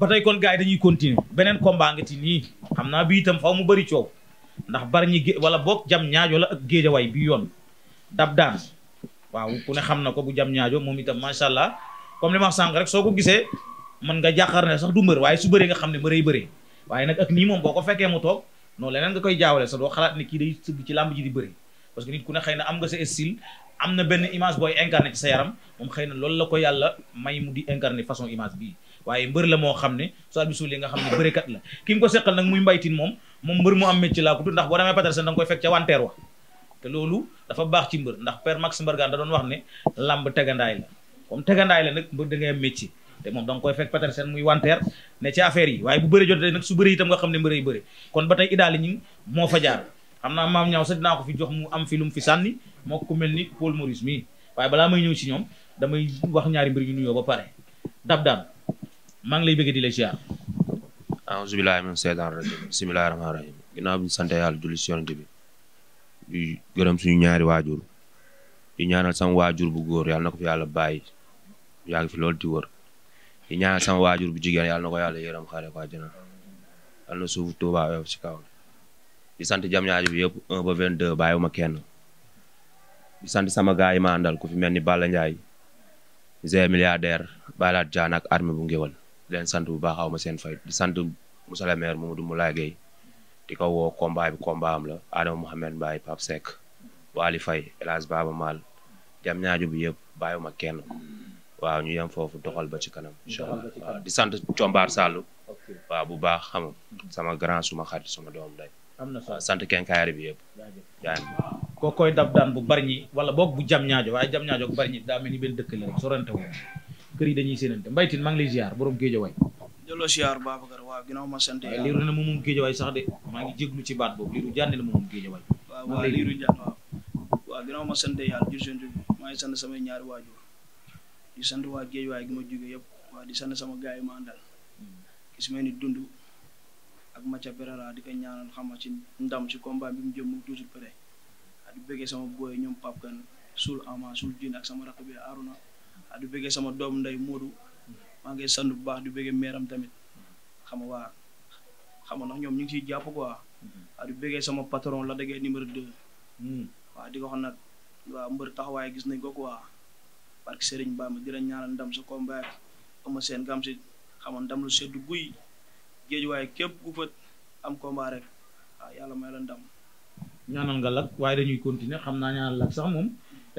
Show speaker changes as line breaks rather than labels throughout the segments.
ba tey kon gaa yi dañuy continuer beneen combat nga ci nii xam naa bi itam faw mu bëri coow ndax bari ñi gé wala boog jam ñaajo la ak géejawaay bi yoon dab daan waaw ku ne xam na ko bu jam ñaajo moom itam macha allah comme li ma wax sànq rek soo gisee mën nga jàqar ne sax du mbër waaye su bëree xam ne mbëree bëree waaye nag ak nii moom boo ko fekkee mu toog noonu leneen nga koy jaawale sax doo xalaat ne kii day sëgg ci làmb que nit na am nga sa style am na benn image booy incarné sa yaram moom xëy na loolu la ko yàlla may mu di incarné façon image bii waaye mbër la moo xam ne soit bi suulee nga xam ne bërekat la ki nga ko seqal nag muy mbaytin moom moom mbër mu am métier laa ko tudd ndax boo demee Petersen da nga koy fekk ca wanteer wa te loolu dafa baax ci mbër ndax père Max wax ne làmb tegandaay la comme tegandaay nag mbër da ngay am métier te moom da nga koy fekk Petersen muy wanteer ne ci affaire yi waaye bu bëri jotee nag su bëri itam nga xam ne mbër yi kon ba tey idaali moo fa jaar xam naa maam ñaaw sax dinaa ko fi jox mu am fi lu mu fi sànni moo ko mel ni Paul Maurice mii waaye balaa may ñëw si ñoom damay wax ñaari mbir ñu nuyoo ba pare dab daan maa ngi lay bëgg di la ziar.
auzu billaahi min seytaan rajim bismillaahi rahmaani rahim ginnaaw bi ñu sant yàlla julli si yonent bi gërëm suñu ñaari waajur di ñaanal sama waajur bu góor yàlla na ko fi yàlla baay yaa fi loolu di wër di waajur bu jigéen yàlla na ko yàlla yërëm xaare suufu Tuubaa woyof ci kaw di sant jam ñaari bi yëpp 1 ba 22 bàyyiwuma kenn di sant sama gaay yi ma àndal ku fi mel ni Balla Ndiaye Zé milliardaire Balaat Jaan ak armée bu ngéwal di sant bu baax aw ma seen fay di sant monsieur le du Mamadou Moulaye Gueye di ko woo combat bi combat la Adama Mohamed Mbaye Pape Seck Waly Faye El Hadj Mal jam ñaajo bi yëpp bàyyiwuma kenn waaw ñu yem foofu doxal ba ci kanam di sant Combaar Sall waaw bu baax xam sama grand suma xarit suma doom day am na sant kenkaayari bi yëpp jaay
koo koy dab daan bu bari wala boog bu jam ñaajo waaye jam ñaajo bu bari ñi daa mel ni benn dëkk la rek sorante wu kër yi dañuy séenante Mbaye Tine maa ngi lay ziar borom Géejawaay jëloo ziar Babacar waaw ginnaaw ma sant yàlla liiru ne moom baat boobu liiru jànne la moom Géejawaay waaw waaw liiru ma sant yàlla jur seen jur maa ngi sant samay ñaari waajur di sant waa Géejawaay gi ma jógee yëpp waa di sant sama gars yi ki su mel ni dund ak Macha Berara di ko ñaanal xama ci ndam ci combat bi mu jëm mu toujours prêt di bëggee sama booy ñoom Pape Kane suul ama suul jin ak sama rakk bi Aruna ah du bëggee sama doom nday Modou maa ngi sant bu baax du bëggee meeram tamit xam nga waa xam nga nag ñoom ñu ngi ciy jàpp quoi ah, du bëggee sama patron la déggee numéro 2. Hmm. waaw di ko nag waa mbër taxawaay gis nañ ko quoi parce que Serigne Ba ma di la ñaanal ndam sa combat ama seen gam si xam lu seddu guy géej waaye képp ku am combat rek waaw ah, yàlla may la ndam. ñaanal nga lak waaye dañuy continuer xam naa ñaanal lak sax moom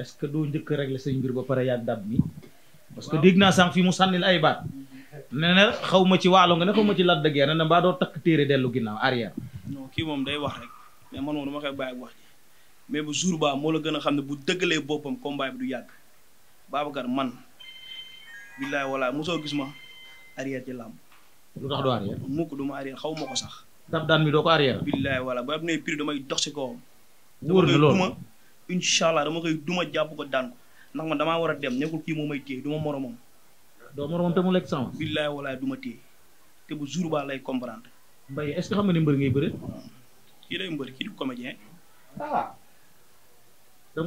est-ce que doo njëkk régler say mbir ba pare yàgg dab mi. parce que dégg naa sànq fi mu sànnil ay baat ne na xaw ma ci waalo nga ne xaw ma ci Lac de Guiers ne na mbaa doo takk téere dellu ginnaaw arrière. non kii moom day wax rek mais man moom dama mais bu jour moo la gën a xam ne bu dëggalee boppam combat bi yàgg Babacar man billaay walaay gis ma arrière ci làmb. lu tax du arrière. mukk du ma xaw ma ko sax. dab daan mi doo ko arrière. billaay walaay ba am nay prix damay dox si kawam.
wóor na loolu
dama koy duma jàpp ko daan ndax man damaa war a dem nekkul kii moo may téye du ma moromam. doo moromam te mu lekk sama. billaay walaay du ma téye te bu jour ba lay comprendre. Mbaye est-ce que xam nga ne mbër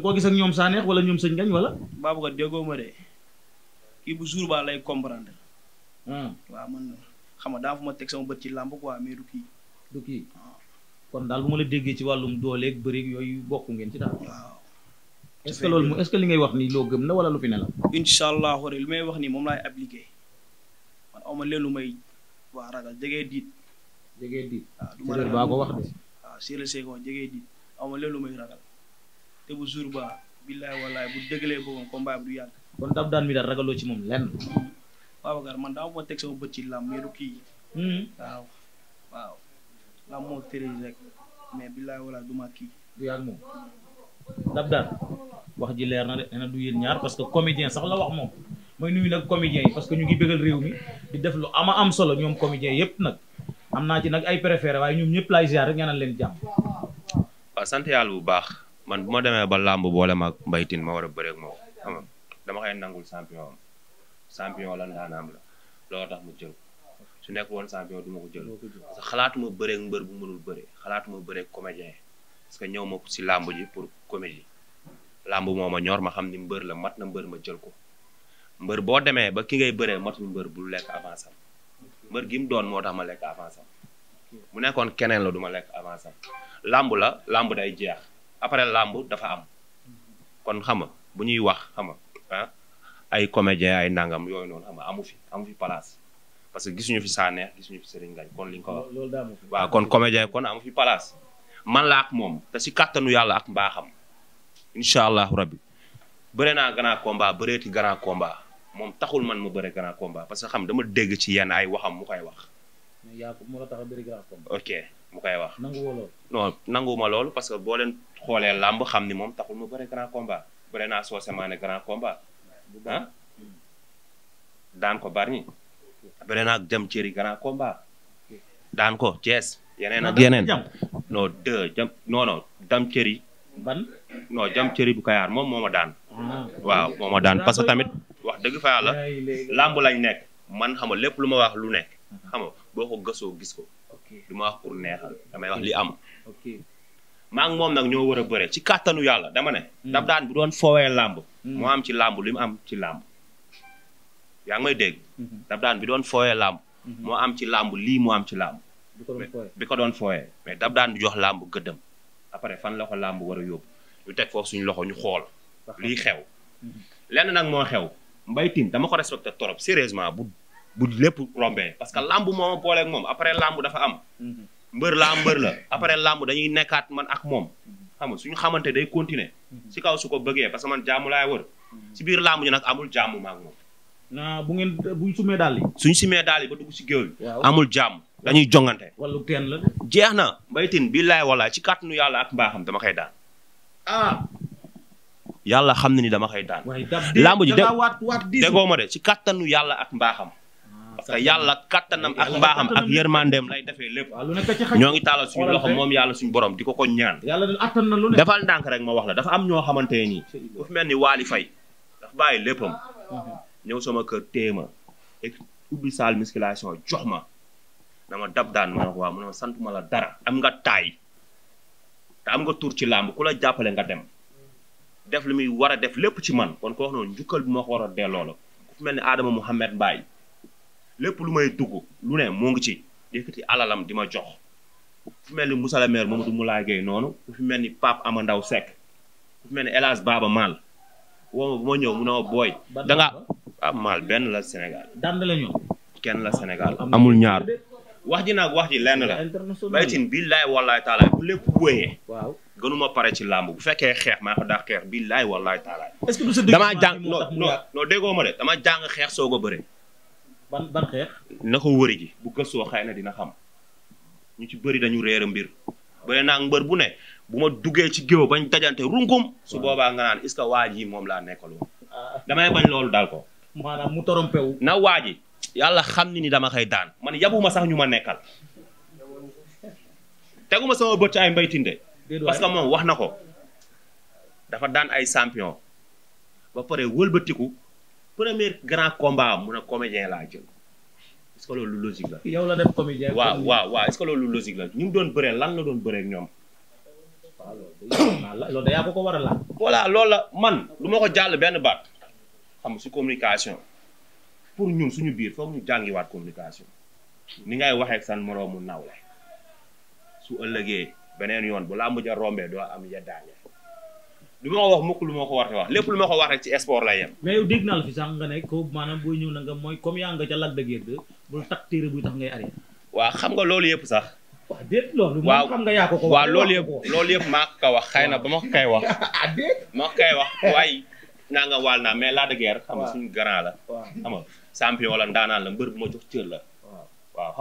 ah. ñoom saa wala ñoom sëñ ngañ wala. baabu ko déggoo ma de kii bu hmm. man xam daa fu ma teg sama bët ci làmb quoi mais du kii. du kii kon daal bu ma la déggee ci wàllum dooleek bëri yooyu bokku ngeen ci daal. waaw. est-ce que loolu est-ce li ngay wax ni loo gëm la wala lu fi ne la. incha allah li may wax nii moom laay appliqué aw ma leen lu may waa ragal jege diit. jege diit waaw ah, du ma ragal wax de. waaw séeréer see jege diit aw ma leen lu may ragal te bu jour ba billaay wallaay bu dëggalee boppam combat bi du yàgg. kon dab daan mi daal ragaloo ci moom lenn. Babacar man daa ma teg sama bët lam mais du kii. Hmm. waaw waaw lam moo tëri rek mais billaay wallaay du ma kii. du dab daan wax ji leer na de nee na du yéen ñaar parce que comédien sax la wax moom mooy nuyu nag comédien yi parce que ñu ngi bëggal réew mi di def lu ama am solo ñoom comédien yëpp nag am naa ci nag ay préféré waaye ñoom ñëpp laay ziar rek ñaanal leen jàmm.
waaw sant yàlla bu baax man bu ma demee ba làmb boole ma ak ma war a bëre ak moom
xam dama koy nangul champion am champion
lan daanaam la loolu tax mu jël su nekk woon champion du ma ko jël xalaatuma bëre ak mbër bu parce que ñëw si làmb ji pour comédie làmb moo ma ñor ma xam ni mbër la mat na mbër ma jël ko mbër boo demee ba ki ngay bëree mat matul mbër bu lekk avance am mbër gim doon moo tax ma lekk avance mu nekkoon keneen la duma lekk avance am làmb la làmb day jeex après làmb dafa am kon xam nga bu ñuy wax xam nga ah ay comédien ay nangam yooyu noonu xam amu fi amu fi parce que gisuñu fi Sanekh gisuñu fi Serigne Ngagne kon li nga ko kon comédien kon amu fi place man laa ak moom te si kàttanu yàlla ak mbaaxam incha allahu rabbi bëre naa grand combat bëreeti grand moom taxul man ma bëre grand komba parce que xam dama dégg ci yenn ay waxam mu koy wax.
mais
mu koy wax. nangu woo loolu. non parce que boo leen xoolee lamb xam ni moom taxul ma bëre grand combat bëre naa soo semaane grand combat daan ko bari naa dem cëri grand yeneen ak yeneen non deux jam non dam cëri ban non jam cëri bu kayaar moom moo ma daan ah. waaw moo ma daan parce que tamit wax dëgg fa yàlla làmb lañ nekk man xam nga lépp lu ma wax lu nekk xam nga boo ko gësoo gis ko du ma wax pour neexal damay wax li am maa moom nag ñoo war a bëre ci kàttanu yàlla dama ne hmm. daf daan bu doon foowee làmb hmm. moo am ci làmb li mu am ci làmb ngi may dégg hmm. daf bi doon foowee làmb moo am ci làmb lii moo am ci làmb
bi
ko doon fooyee mais daf daan jox làmb gëddam après fan loxo làmb war a yóbbu ñu teg foofu suñu loxo ñu xool lii xew mhm. leneen nag moo xew mbay Tine dama ko respecté trop sérieusement bu bu lépp rombee parce que làmb mooma booleek moom après làmb dafa am mhm. mbër la mbër mhm. la après làmb dañuy nekkaat man ak moom xam nga suñu xamante day continuer si kaw su ko bëggee parce que man jàmm laay wër si biir làmb ñu nag amul jàmm maak moom na bu ngeen
buñ sumee daal yi
suñu sumee daal yi dugg si géew amul jàmm dañuy jongante. wala teen la. jeex na mbaytin billaay walaay ci kàttanu yàlla ak mbaaxam dama koy daan. Ah. yàlla xam na ni dama koy daan. waay lamb ji de déggoo ma de ci kàttanu yàlla ak mbaaxam. Ah, parce yàlla kàttanam ak mbaaxam ak yërmandeem lay defee lépp ñoo ngi taalal suñu loxo moom yàlla suñu borom di ko ko ñaan defal ndànk rek ma wax la dafa am ñoo xamante ne nii dafa mel ni waali Faye dafa bàyyi léppam
mhm.
ñëw sama kër téema et ubbi salle musculation jox ma dama dab daan ma wax waaw mu ne ma sant ma la dara am nga taay te nga tur ci làmb ku la jàppale nga dem def li muy war a def lépp ci man kon ko wax bi ma ko war a delloo la ku mel ni Adama Mouhamed Mbaye lépp lu may dugg lu ne moo ngi ci yëkkati alalam di ma jox ku mel ni Moussa Lamère Mamadou Moulaye Gueye noonu ku fi mel ni Pape Amandaw Seck ku mel ni El Hadj Baba Mal woo ma bu ñëw mu ne booy. da nga ah benn la Sénégal. daan la ñëw. kenn la Sénégal amul ñaar. wax ji nag wax ji lenn la. Mbaye Tine billaay wallaay taalaay bu lépp wëyee. waaw gënuma pare ci làmb bu fekkee xeex maa ko daa xeex billaay wallaay taalaay.
est-ce que du sa dëgg damaa jàng
ma de damaa jàng xeex soo ko bëre. ban ban xeex. na ko wëri ji bu gëstoo xëy na dina xam ñu ci bëri dañu reer a mbir. bëri naa mbër bu ne bu ma duggee ci géew bañ dajante runkum. su boobaa nga naan est-ce que moom laa nekkaloon. Ah. damay bañ loolu daal ko. na waa yàlla xam ni ni dama koy daan man yabuma sax ñu ma nekkal teguma sama bët ci ay mbaytinde
parce que moom wax na
ko dafa daan ay champion ba pare wëlbatiku premier grand combat mu ne comédien laa jël est
yow la def comédien. waaw waaw
waaw est ñu ngi doon bëree lan la doon bëree ñoom. waaw ko ko war a laaj. voilà loolu man du ma ko jàll benn baat xam su communication. pour ñun suñu biir foog mu jàngiwaat communication ni ngay waxee ak san mu nawle su ëllëgee beneen yoon bu laa ja rombee doo am yeddaange lu ma ko wax mukk lu ma ko war te wax lépp lu ma ko wax rek ci sport
mais yow dégg naa ñëw na nga mooy comme yaa nga ca Lac de Guiers bul takk téere buy tax
xam nga loolu yëpp sax. waaw
déet loolu. waaw xam ko ko waaw loolu
yëpp maa ko wax xay na ba ma ko koy wax. ah déet koy wax waaye naa nga waal naa mais Lac de Guiers. xam nga suñu la. xam champion la ndaanaan la mbër bu ma jox cër la waaw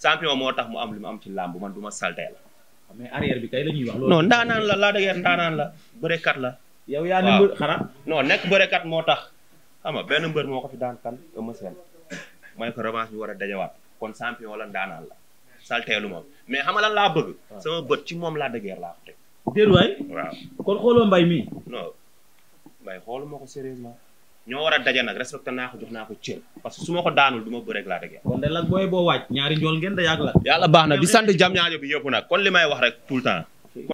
xam nga ah moo tax mu am li mu am ci làmb man du ma saltee la mais arrière bi kay la ñuy wax loolu non ndaanaan la laa dëgër la bërekat
yaa ne
mbër moo tax xam benn mbër moo ko fi daan kan Eumeu Sène mooy ko revanche bi war a dajawaat kon champion la ndaanaan la salteelu moom mais xam nga laa bëgg ah. sama bët ci moom laa dëgër laa ko teg déet waay waaw kon xooloo mbay mi non mbay xoolu moo ko sérieusement ñoo war a daje nag respecté naa ko jox naa ko cër parce que su ma ko daanul du ma bëreeg laa
la booy boo la baax na di
sant jam ñaajo bi yëpp nag kon li may wax rek tout le temps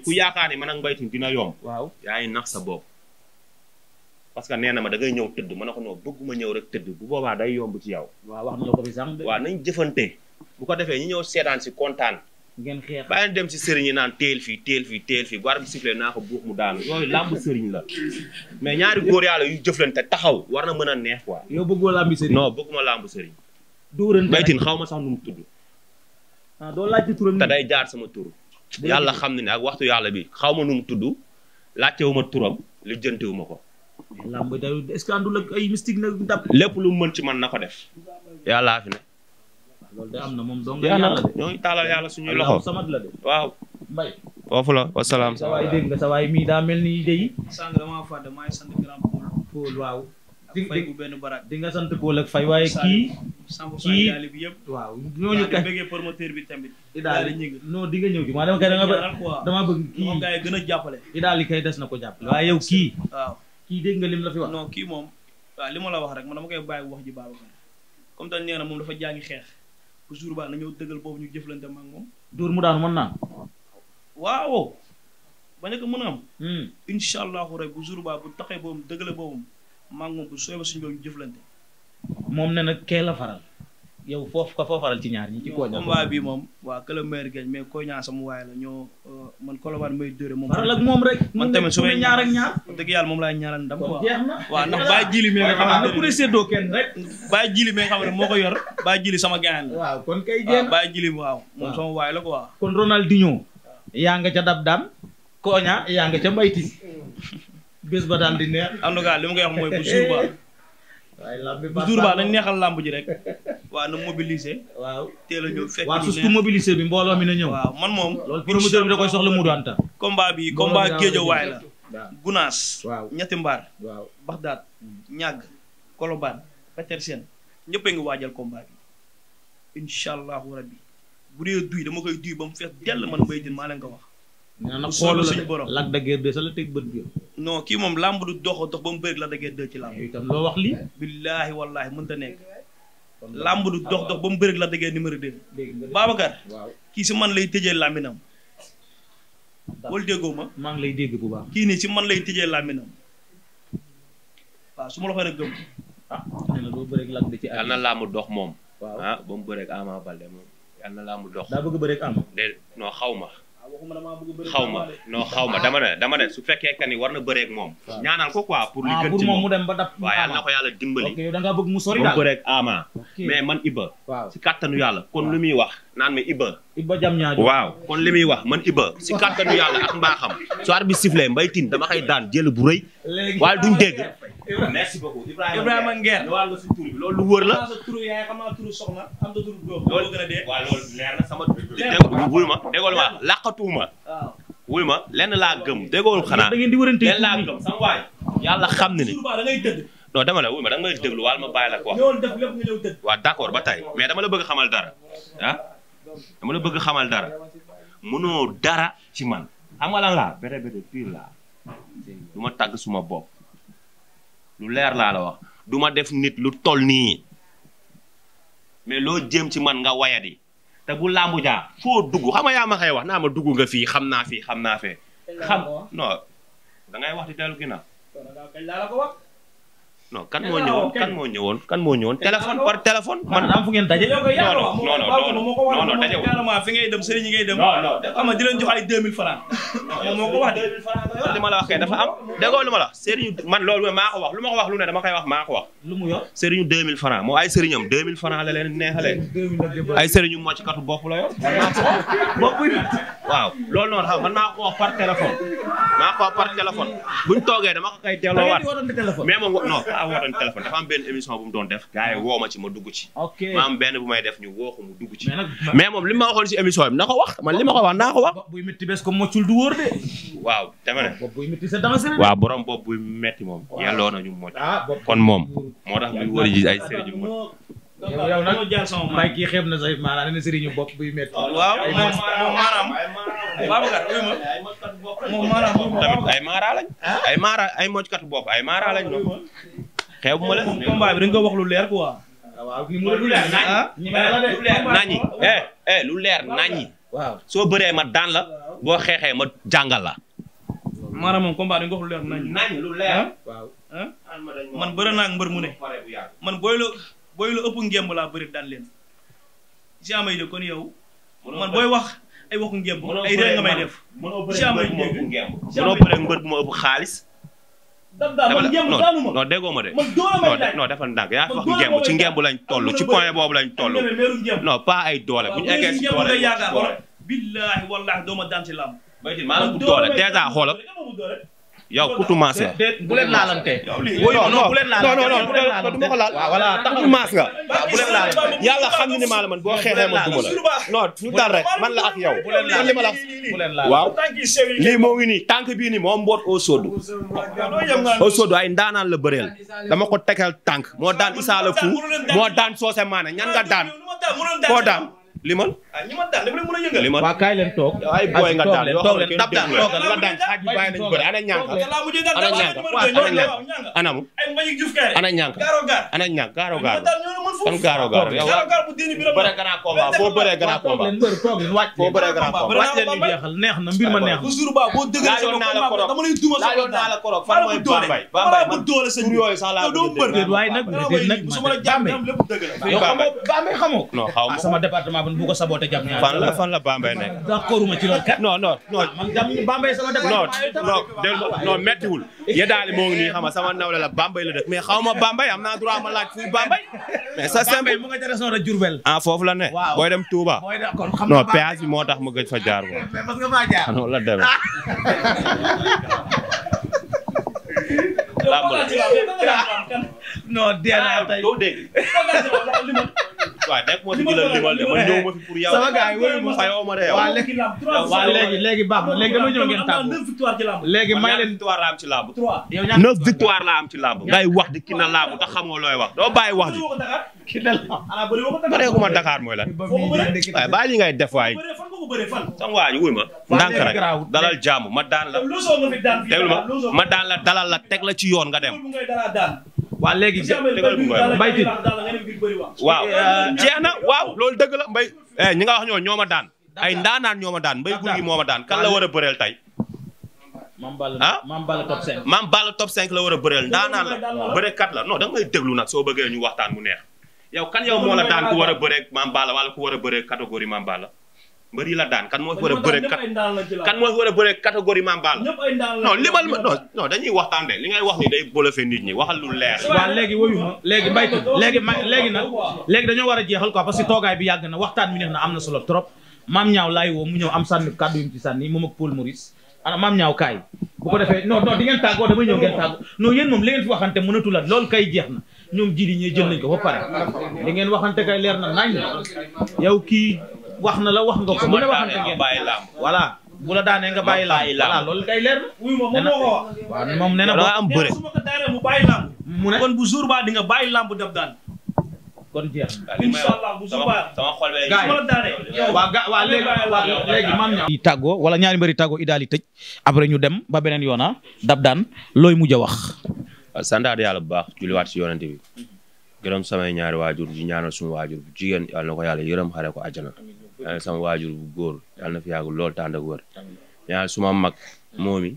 ku yaakaar ni man ak mbaytin dina yomb waaw yaa ngi nax sa bopp parce que nee na ma da ngay ñëw tëdd ma na ko non bëgguma ñëw rek tëdd bu boobaa day yomb ci yow waaw wax na ko fi sax nañ jëfante bu ko defee ñi ñëw seetaan si kontaan ngeen xeex dem si sëriñ yi naan teel fii teel fii teel fii bu war bi sifle naa ko buux mu daanu yooyu làmb sëriñ la mais ñaari góor yàlla yu jëflante taxaw war na mën a neex quoi. yow bëggoo làmb sëriñ non bëgguma làmb sëriñ. dóorante baytin xaw ma sax nu mu tudd. ah laajte turam te day jaar sama tur. yàlla xam na ne ak waxtu yàlla bi xaw ma nu mu tudd laajte wu ma turam lu jënte ma ko.
làmb est-ce que àndul ak lépp lu mu mën
ci man na ko def yàlla fi ne.
loolu de am na moom dong yàlla de ñoo ngi taalal yàlla suñuy loxo samat la de waaw mbay
foofu la wasalaam sa waay dégg nga
sa waay mii daa mel ni idée yi sànq damaa fàtte maa ngi sant grand Paul Paul waaw di fay bu benn barak di nga sant Paul ak fay waaye kii kii waaw ñooñu kay bi tamit idaali ñëg non di nga ñëw ci maa dama kay da nga dama bëgg kii moom gars yi gën des na ko jàppale waaye yow kii waaw kii dégg nga lim la fi wax non kii moom waaw ma la wax rek man dama koy bàyyi wax ji Babacar comme dañ nee na moom dafa jàngi xeex bu jour ba na ñëw dëggal boobu ñu jëflante ma ak moom. dóor mu daan mën naa. waaw. ba nekk mën am. Hmm. incha allahu rek bu jur baa bu taxee boobu dëggale boobu maa moom bu soobee suñu bopp jëflante. moom ne nag kee la faral. yow foofu ko foo ci ñaar ñi ci Koña bi moom waa que le meilleur gagne mais Koña sama waay la ñoo euh, man Colobane may dóore moom faral moom rek man tamit su may ñaar ñaar dëgg yàlla moom laay ñaaral ndam quoi waaw ndax ba jili mi nga xam ne moo ko yor baa jili sama gaañ la waaw baa jili waaw moom sama waay la quoi kon Ronaldinho yaa nga ca dab dam Koña yaa nga ca mbayti bés ba daal di neex en tout cas li koy mooy bu jour ba waaye lamb bi baax baax neexal lamb ji rek. waa na mobiliser. waaw teel a ñëw fekk. waaw su mobiliser bi mbooloo mi na ñëw. waaw man moom. loolu promoteur bi da koy soxla Modou Anta. kombaa bi combat géejawaay la. gunaas. waaw ñetti mbaar. waaw Baxdaad. ñàgg mm. Kolobaan. Petersen ñëpp a ngi waajal combat bi. incha allahu rabbi bu dee duy dama koy duy ba mu fees dell man mbay jën maa leen ko wax. nee na xoolu suñu borom Lac de Guiers 2 sa la teg bët bi non kii moom làmb du dox dox ba mu bëri Lac de Guiers 2 ci làmb itam loo wax lii billaahi wallaahi mënta nekk làmb du dox dox ba mu bëri Lac de Guiers numéro 2 Babacar kii si man lay tëjee làmbinam wala déggoo ma maa ngi lay dégg bu baax kii nii si man lay tëjee làmbinam waaw su ma la waxee rek gëm ah nee na doo bëreeg
Lac de ci yal na làmb dox moom ah ba mu bëreeg Ama Baldé moom yal na làmb dox daa bëgg bëreeg Ama de non xaw ma
xaw ma non xaw ma dama
ne dama ne su fekkee que ni war na bëreeg moom. Ah. ñaanal ko quoi pour. li ah, gën moom mu dem ba dab. waaw yàlla na ko dimbali. ok da ngaa bëgg mu sori daal bëreeg Ama. mais man Iba. waaw si kàttanu yàlla kon lu muy wax naan ma Iba. waaw kon li muy wax man Iba si kàttanu yàlla ak mbaaxam. su arbitre bi sifflé Mbaye Tine dama koy daan jël bu rëy.
waaye duñ dégg merci beaucoup Ibrahima Ibrahima Nguer ñëwaal nga lu wóor na a dee waaw
wuy ma déggoo ma làqatuuma. wuy ma lenn laa gëm déggoo xanaa. da
ngeen di wërante lenn laa gëm sama waay.
yàlla ni
da ngay tëdd.
non dama la wuy ma da nga may déglu wàll ma bàyyi la ko wax. ñëwoon ba tey mais dama la bëgg xamal dara ah bëgg xamal dara mënoo dara ci man xam nga laa béré béré pire laa du ma tàgg suma bopp lu leer laa la wax du def nit lu toll nii mais loo jëm ci man nga wayadi te bu làmbu jaa foo dugg xam nga yaa ma koy wax naa ma dugg nga fii xam naa fii xam naa fee. xam non da ngay wax di non eh, kan moo ñëwoon kan moo ñëwoon kan moo ñëwoon téléphone
par téléphone. man am fu ngeen daje. non non non non daje carrément fi ngay dem sëriñ yi ngay dem. non non xam
nga di leen jox ay 2000 francs. moo ko wax de. li ma la wax kay dafa am déggoo li ma la wax sëriñu man loolu maa ko wax lu ma ko wax lu ne dama koy wax maa ko wax. lu mu yor sëriñu 2000 francs moo ay sëriñam 2000 francs la leen neexalee. ay sëriñu mocc katu bopp la yor. bopp yi waaw loolu noonu xam man maa ko wax par téléphone. maa ko wax par téléphone buñ toogee dama ko koy teeloo waat mais moom non tax wootoon téléphone bu mu doon def gars yi ah. ma ci ma may def ñu woo ko mu dugg ci ma li ma ko wax naa ko
wax buy métti bés ko moccul
waaw dama bopp buy métti moom yelloo nañu mocc ah, kon moom moo tax muy wóor ji ay sëriñu
mocc yow nag ma
moom maara lañ ah. ay maara ay bopp ay maara lañ
xew ma la combat bi ko wax lu leer quoi. waaw lu leer naññi ah? naññi eh, eh, waaw
soo bëree ma daan boo xeexee ma jàngal la. maanaam moom combat dañ ko wax
lu ah? Ah? man bëri naa mbër mu ne. man booy lu ëpp ngemb laa bëri daan leen. si amay man booy wax ay waxu ngemb. ay réer nga may def. mënoo bëri mbër
mu ëpp xaalis.
man ngemb daanuma non
déggoo ma de non defal ndànk yaa wax ngemb ci ngemb lañ toll ci point boobu lañ toll non pas ay doole bu ñu eggee si doole
billaahi dooma daan la bu doole dèjà xoolal
yow ku tu maas nga. bu leen laalante. non non
non ma
nga. waaw bu leen laalante. man boo xeexee ma duma la. non rek man la ak yow. man li ma la
waaw. lii moo
ngi nii tànk bii nii moo mboot au sodu. au sodu ay ndaanaan la bëreel. dama ko tegal tànk moo daan Issa fu moo daan Socé Mané ñan nga daan. koo daan. limal
ah ñi ma daan dama leen mën a yëngal limal waa kaay leen toog ay booy nga daan toog leen dab daan toogal nga daan xaaj bi bàyyi nañu bëri ana ñànka ana ñànka ana mu ay mbay juuf kay ana ñànka gaaro
gaar ana ñànk gaaro gaar
kan gaaro gaar yow bu diini bi la bëre grand combat foo bëree grand combat mbër toog leen wàcc foo bëree grand combat wàcc leen ñu jeexal neex na mbir ma neex bu jour ba boo dëggal sama combat dama lay duma sama laa la korok fan mooy bambay bambay bu doole sa yooyu sax laa do mbër waaye nag déet nag su ma la jàmmee lépp dëgg la yow xamoo bambay xamoo
non xaw ma sama département man bu ko saboté jam ñaar fan la fan la Bambey nekk d'accord ma ci loolu kat non non non ah, man jam Bambey sama dëkk non non non méttiwul ya daali moo ngi nii xam nga sama nawle la Bambey la dëkk mais xaw ma Bambey am naa droit ma laaj fu Bambey mais ça simple mu nga jara sono Diourbel ah foofu la ne booy dem Touba non péage bi moo tax ma gëj fa jaar ko
parce que fa jaar non la dem lamb la non dee naa tey ah, doo dégg waaw nekk moo fi jëlal limal de man ñëw ma fi pour yow. sama gars yi wër ma fay ma de yow. waa léegi waa léegi léegi baax na léegi dama ñëw ngeen tàggu. léegi may leen victoire la am ci
làmb. yow ñaata neuf victoire la am ci làmb. ngay wax di kii na làmb te xamoo looy wax doo bàyyi wax ji. kii na
làmb pareekuma Dakar
mooy lan. waaye bàyyi li ngay def waay. sama waa ji wuy ma. ndànk rek dalal jàmm ma daan la.
déglu ma ma
daan la dalal la teg la ci yoon nga dem waa léegi mbaytin
waaw eh, eh, eh,
jeex na waaw loolu dëgg la mbay ñi nga wax ñoo ñoo ma daan ay ndaanaan ñoo ma daan mbay guy gi moo ma daan kan la war a bëreel tey ah maam Balla top 5 maam Balla top 5 la war a bëreel ndaanaan la bëreekat la non da ngay déglu nag soo bëggee ñu waxtaan mu neex yow kan yow moo la daan ku war a bëree maam wala ku war a bëree catégorie maam Balla mbër yi la daan kan moo fi war a bëre kan moo fi war a bëre catégorie mambaal
non limal ma
non non dañuy waxtaan de li ngay wax ni day bolofe nit ñi waxal lu leer waaw léegi
woyu ma léegi mbaytu léegi ma léegi nag léegi dañoo a kaay bu ko defee non di ngeen tàggoo damay ñëw ngeen tàggoo non yéen moom li ngeen fi waxante mënatu la loolu kay jeex na ñoom ji li jël nañ ko ba pare li ngeen waxante kay leer na nañ yow kii wax na la wax nga ko. bu la waxante la daanee nga bàyyi làmb voilà loolu kay moom moo ko na am bëre. mu bàyyi bu jour ba di nga bàyyi làmb def daan. kon jeex sama xol bee. gars yi waaw ga wala ñaari mbëri tàggoo i daal di tëj après ñu dem ba beneen yoona ah. dab daan looy mujj a wax.
santaat yàlla bu baax julliwaat waat yoonante bi gërëm samay ñaari waajur di ñaanal suñu bu jigéen yàlla na yàlla yërëm xare ko àjjana ñaanal sama waajur bu góor yàlla na lool tànd ak wër ñaanal suma mag moomi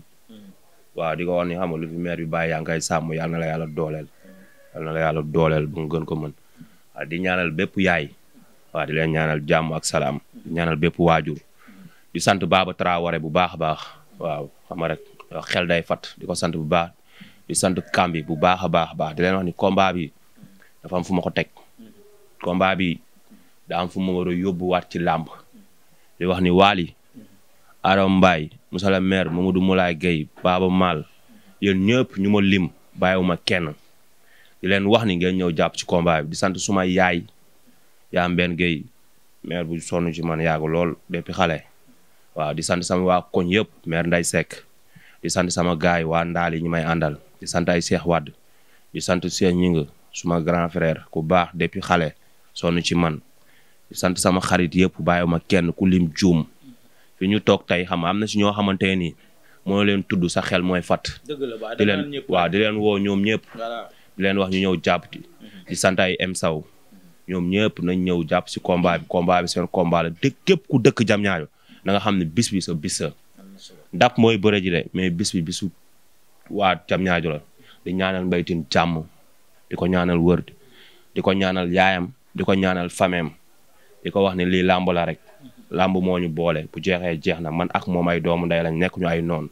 waaw di ko wax ni xam nga lu fi maire bi bàyyi yaa ngi koy sàmm yàlla la yàlla dooleel yàlla na yàlla dooleel bu gën ko mën di ñaanal bépp yaay waaw di leen ñaanal jàmm ak salaam di ñaanal bépp waajur di sant ba Traoré bu baax a baax waaw xam rek xel day fat di ko sant bu baax di sant Kambi bu baax a baax baax di leen wax ni combat bi dafa am fu ma ko teg combat daa fu ma war yóbbuwaat ci làmb di wax ni Waly Aram Mbaye Moussa la maire Mamadou Moulay Guèye Baba Mal yéen ñëpp ñu ma lim bàyyiwuma kenn di leen wax ni ngeen ñëw jàpp ci combat bi di sant suma yaay yaa mbenn Guèye maire bu sonn ci man yaagu lool depuis xale waaw di sant sama waa koñ yëpp maire Nday Seck di sant sama gaay waa ndaal ñu may àndal di sant ay Cheikh Wade di sant Cheikh Ñing suma grand frère ku baax depuis xale sonn ci man sant sama xarit yëpp bàyyiwuma kenn ku lim juum fi ñu toog tey xam am na si ñoo xamante ne nii moo leen tudd sa xel mooy fat di leen di leen woo ñoom ñëpp. di leen wax ñu ñëw jàpp di sant ay M saw ñoom ñëpp nañ ñëw jàpp si combat bi bi seen combat dëkk képp ku dëkk jam ñaajo nga xam ne bis bi sa bis sa mooy bëre ji de mais bis bi bisu waa jam ñaajo la di ñaanal mbaytin jàmm di ko ñaanal wër di ko ñaanal yaayam di ko ñaanal fameem di ko wax ne lii làmb la rek làmb moo ñu boole bu jeexee jeex na man ak moom ay doomu nday lañ nekk ñu ay noon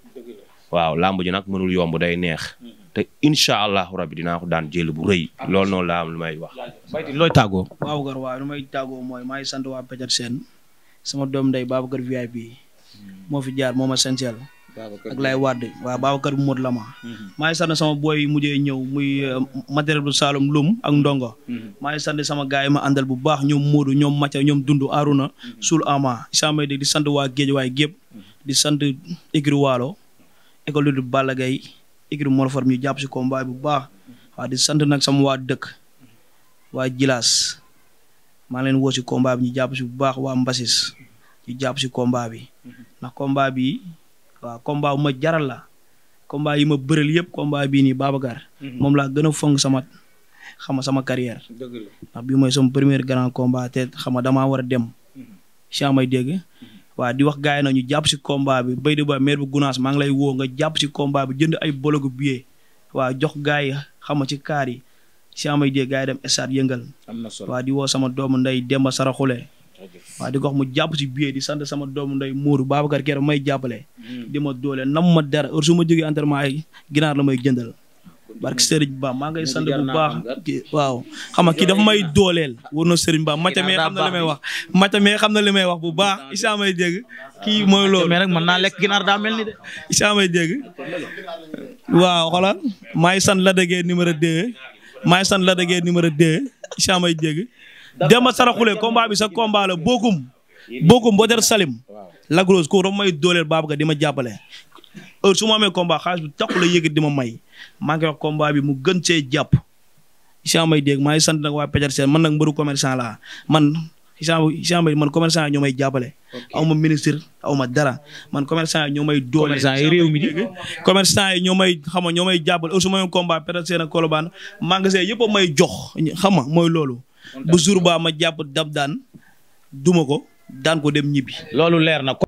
waaw làmb ji nag mënul yomb day neex te incha allahu rab dinaa ko daan jël bu rëy. loolu noonu laa am lu may wax.
bayti looy tàggoo. waaw gar waaw lu may tàggoo mooy maa ngi sant waa seen sama doom ndey Babacar VIP moo fi jaar moo ma senteel ak lay Wade waaw Babacar bu Modou Lama mm-hmm. maa sant sama booy yi mujjee ñëw muy euh, matériel bu saalum lum ak mm-hmm. Ndongo mm-hmm. maa ngi sant sama gars yi ma àndal bu baax ñoom Modou ñoom Mathia ñoom Dundu Aruna Soul Ama samay dégg di sant waa géej waay gépp di sant écurie Waalo école du Balla Gaye écurie Morfar ñu jàpp si combat bu baax waaw di sant nag sama waa dëkk waa Jilaas maa leen woo si combat bi ñu jàpp si bu baax waa Mbasis jàpp si waaw combat bu ma jaral la combat yi ma bëral yëpp combat bii nii Babacar. Mhm. moom laa gën a fong sama xama sama carrière. dëgg la ndax bii mooy sama premier grand combat te xama damaa war a dem. saa mhm. may dégg. Mhm. waaw di wax gars yi na ñu jàpp si combat bi bay ba maire Gunaas maa ngi lay woo nga jàpp si combat bi jënd ay bologu billet waa jox gars xam xama ci kaari yi saa may dégg gars yi dem stade yëngal. am na solo di woo sama doomu nday sara Saraxule waaw di ko mu jàpp si biir di sant sama doom nday Mourou Babacar Kero may jàppale. Hmm. di ma doole nam ma dara heure su ma jógee entraînement ay ginaar la may jëndal. barke Serigne Ba maa ngay sant bu baax waaw xam nga kii dafa may dooleel war na Serigne Ba macha mee xam na li wax macha mee xam na li may wax bu baax isa may dégg kii mooy loolu mais nag mën naa lekk ginaar daa mel ni de isa may dégg waaw xoolal maa ngi sant la déggee numéro 2 maa ngi la déggee numéro Demba Saraxule combat bi sa combat la bokkum bokkum boo der Salim. Lagrosse kooku dafa may dooleel Babacar di ma jàppale. heure su ma amee combat xaalis bi taxu la yëkkati di ma may maa ngi wax combat bi mu gën see jàpp. Issa may dégg maa ngi sant na waa Pétr Sène man nag mbëru commerçant laa man Issa Issa may man commerçant yi ñoo may jàppale. aw ma ministre aw ma dara man commerçant yi ñoo may. doole commerçant réew mi di. yi ñoo may xam nga ñoo may jàppale heure su ma amee combat Pétr Sène magasin yëpp may jox xam nga mooy loolu. bu jour baa ma jàpp dab daan duma ko daan ko dem ñibbi. loolu leer na.